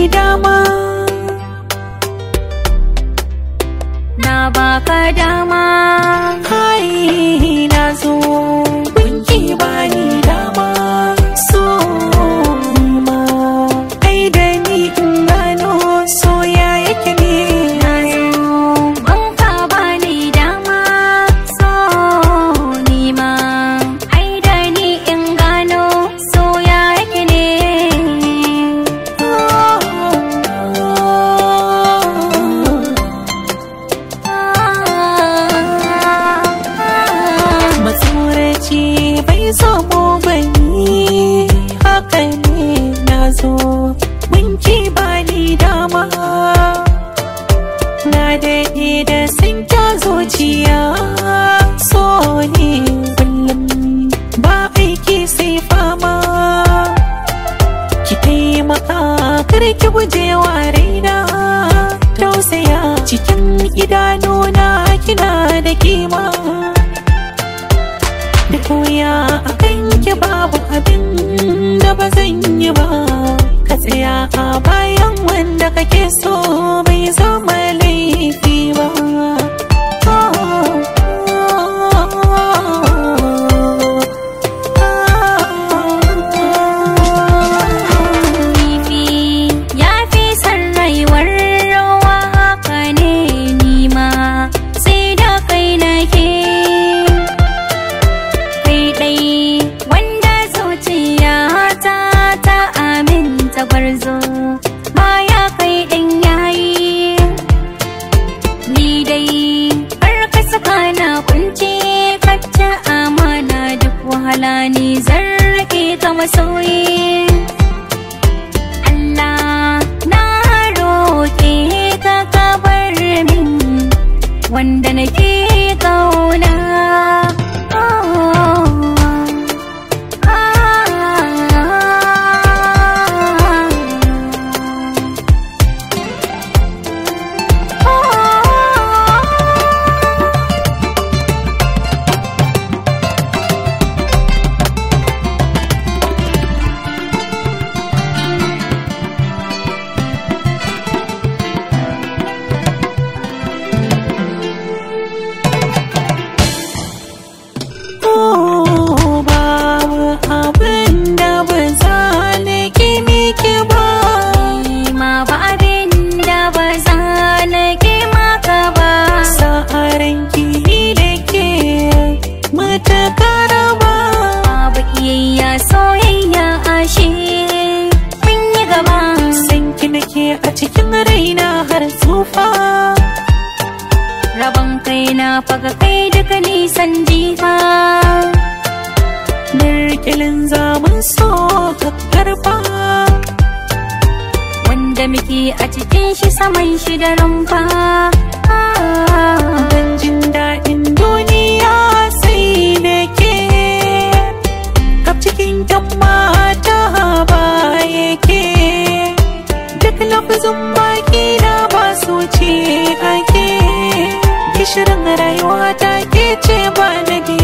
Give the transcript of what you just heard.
ni dama na baka dama ki guje wa raina tausaya cikin idanuna kina da kima da koya a ki babu abin da ba zan yi ba ka tsaya a bayan wanda kake so zo baya kai ɗan yayi ni dai har ka saka na kunce kacce amana duk wahala ne zarrake ka masoyi duka nisan jifa dirtilin zamun so kakkarfa wanda muke a cikin shi saman shi da rumfa don jin daɗin duniya sai da ke kaf cikin mata ba yake duk lafazin baki na ba su ce ake gishirin rai mata ce ba na